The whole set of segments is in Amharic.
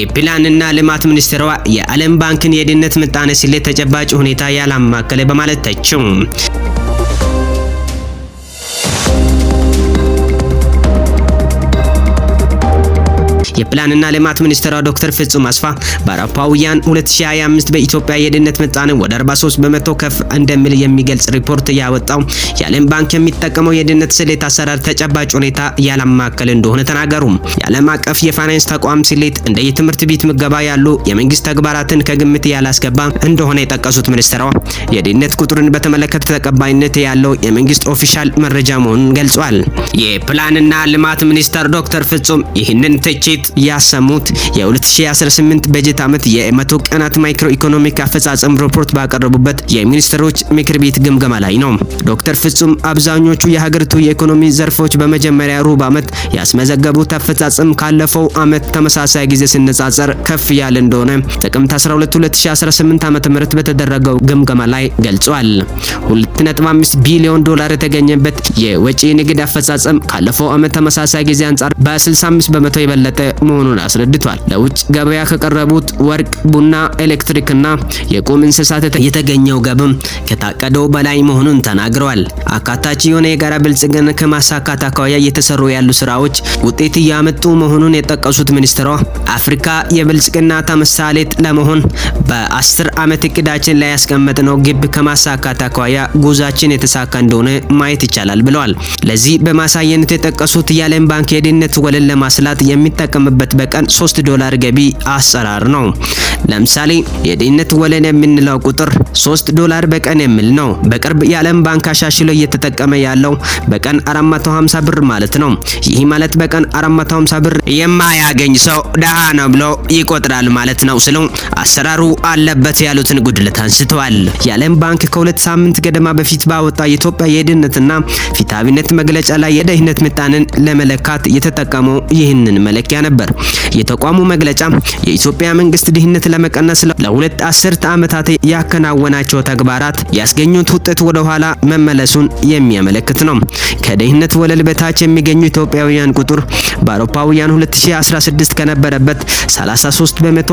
የፕላንና ልማት ሚኒስትሯ የዓለም ባንክን የድህነት ምጣኔ ስሌት ተጨባጭ ሁኔታ ያላማከለ በማለት ተችው። የፕላንና ልማት ሚኒስትሯ ዶክተር ፍጹም አስፋ በአውሮፓውያን 2025 በኢትዮጵያ የድህነት ምጣኔ ወደ 43 በመቶ ከፍ እንደሚል የሚገልጽ ሪፖርት ያወጣው የዓለም ባንክ የሚጠቀመው የድህነት ስሌት አሰራር ተጨባጭ ሁኔታ ያላማከለ እንደሆነ ተናገሩ። የዓለም አቀፍ የፋይናንስ ተቋም ስሌት እንደ የትምህርት ቤት ምገባ ያሉ የመንግስት ተግባራትን ከግምት ያላስገባ እንደሆነ የጠቀሱት ሚኒስትሯ የድህነት ቁጥርን በተመለከተ ተቀባይነት ያለው የመንግስት ኦፊሻል መረጃ መሆኑን ገልጿል። የፕላንና ልማት ሚኒስተር ዶክተር ፍጹም ይህንን ትችት ውስጥ ያሰሙት የ2018 በጀት ዓመት የመቶ ቀናት ማይክሮ ኢኮኖሚክ አፈጻጸም ሪፖርት ባቀረቡበት የሚኒስትሮች ምክር ቤት ግምገማ ላይ ነው። ዶክተር ፍጹም አብዛኞቹ የሀገሪቱ የኢኮኖሚ ዘርፎች በመጀመሪያ ሩብ ዓመት ያስመዘገቡት አፈጻጸም ካለፈው ዓመት ተመሳሳይ ጊዜ ሲነጻጸር ከፍ ያለ እንደሆነ ጥቅምት 12 2018 ዓ.ም በተደረገው ግምገማ ላይ ገልጿል። 2.5 ቢሊዮን ዶላር የተገኘበት የወጪ ንግድ አፈጻጸም ካለፈው ዓመት ተመሳሳይ ጊዜ አንጻር በ65 በመቶ የበለጠ መሆኑን አስረድቷል። ለውጭ ገበያ ከቀረቡት ወርቅ፣ ቡና፣ እና የቁም እንስሳት የተገኘው ገብም ከታቀደው በላይ መሆኑን ተናግረዋል። አካታች የሆነ የጋራ ብልጽግና ከማሳካት አኳያ እየተሰሩ ያሉ ስራዎች ውጤት እያመጡ መሆኑን የጠቀሱት ሚኒስትሯ አፍሪካ የብልጽግና ተምሳሌት ለመሆን በአስር ዓመት እቅዳችን ላይ ያስቀመጥነው ግብ ከማሳካት አኳያ ጉዟችን የተሳካ እንደሆነ ማየት ይቻላል ብለዋል። ለዚህ በማሳየነት የጠቀሱት የዓለም ባንክ የድህነት ወለል ለማስላት የሚጠቀም የሚፈጸምበት በቀን 3 ዶላር ገቢ አሰራር ነው። ለምሳሌ የድህነት ወለል የምንለው ቁጥር 3 ዶላር በቀን የሚል ነው። በቅርብ የዓለም ባንክ አሻሽሎ እየተጠቀመ ያለው በቀን 450 ብር ማለት ነው። ይህ ማለት በቀን 450 ብር የማያገኝ ሰው ደሃ ነው ብሎ ይቆጥራል ማለት ነው ስለው አሰራሩ አለበት ያሉትን ጉድለት አንስተዋል። የዓለም ባንክ ከሁለት ሳምንት ገደማ በፊት ባወጣ የኢትዮጵያ የድህነትና ፍትሐዊነት መግለጫ ላይ የድህነት ምጣንን ለመለካት የተጠቀመው ይህንን መለኪያ ነበር። ነበር። የተቋሙ መግለጫ የኢትዮጵያ መንግስት ድህነት ለመቀነስ ለሁለት አስርት ዓመታት ያከናወናቸው ተግባራት ያስገኙት ውጤት ወደ ኋላ መመለሱን የሚያመለክት ነው። ከድህነት ወለል በታች የሚገኙ ኢትዮጵያውያን ቁጥር በአውሮፓውያን 2016 ከነበረበት 33 በመቶ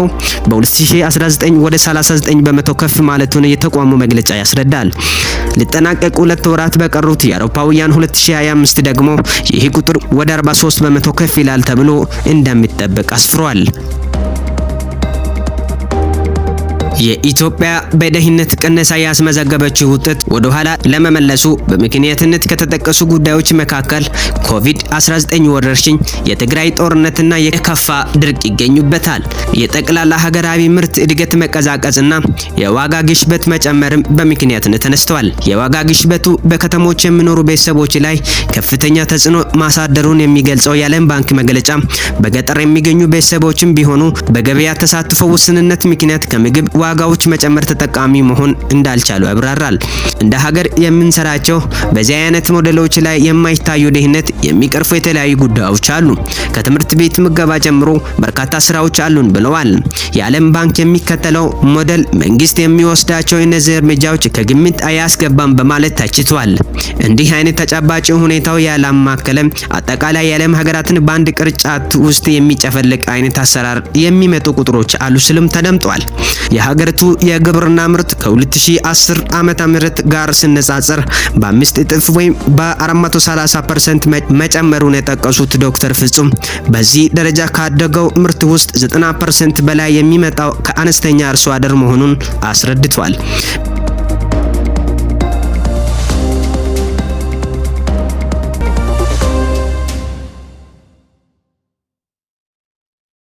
በ2019 ወደ 39 በመቶ ከፍ ማለቱን የተቋሙ መግለጫ ያስረዳል። ሊጠናቀቅ ሁለት ወራት በቀሩት የአውሮፓውያን 2025 ደግሞ ይህ ቁጥር ወደ 43 በመቶ ከፍ ይላል ተብሎ እንደ እንደሚጠበቅ አስፍሯል። የኢትዮጵያ በድህነት ቅነሳ ያስመዘገበችው ውጤት ወደ ኋላ ለመመለሱ በምክንያትነት ከተጠቀሱ ጉዳዮች መካከል ኮቪድ-19 ወረርሽኝ፣ የትግራይ ጦርነትና የከፋ ድርቅ ይገኙበታል። የጠቅላላ ሀገራዊ ምርት እድገት መቀዛቀዝና የዋጋ ግሽበት መጨመርም በምክንያትነት ተነስተዋል። የዋጋ ግሽበቱ በከተሞች የሚኖሩ ቤተሰቦች ላይ ከፍተኛ ተጽዕኖ ማሳደሩን የሚገልጸው የዓለም ባንክ መግለጫ በገጠር የሚገኙ ቤተሰቦችም ቢሆኑ በገበያ ተሳትፎ ውስንነት ምክንያት ከምግብ ዋጋዎች መጨመር ተጠቃሚ መሆን እንዳልቻሉ ያብራራል። እንደ ሀገር የምንሰራቸው በዚህ አይነት ሞዴሎች ላይ የማይታዩ ድህነት የሚቀርፉ የተለያዩ ጉዳዮች አሉ። ከትምህርት ቤት ምገባ ጀምሮ በርካታ ስራዎች አሉን ብለዋል። የዓለም ባንክ የሚከተለው ሞዴል መንግስት የሚወስዳቸው እነዚህ እርምጃዎች ከግምት አያስገባም በማለት ተችቷል። እንዲህ አይነት ተጨባጭ ሁኔታው ያላማከለ አጠቃላይ የዓለም ሀገራትን በአንድ ቅርጫት ውስጥ የሚጨፈልቅ አይነት አሰራር የሚመጡ ቁጥሮች አሉ ስልም ተደምጧል። የሀገሪቱ የግብርና ምርት ከ2010 ዓመተ ምህረት ጋር ሲነጻጸር በአምስት እጥፍ ወይም በ430% መጨመሩን የጠቀሱት ዶክተር ፍጹም በዚህ ደረጃ ካደገው ምርት ውስጥ 90% በላይ የሚመጣው ከአነስተኛ አርሶ አደር መሆኑን አስረድቷል።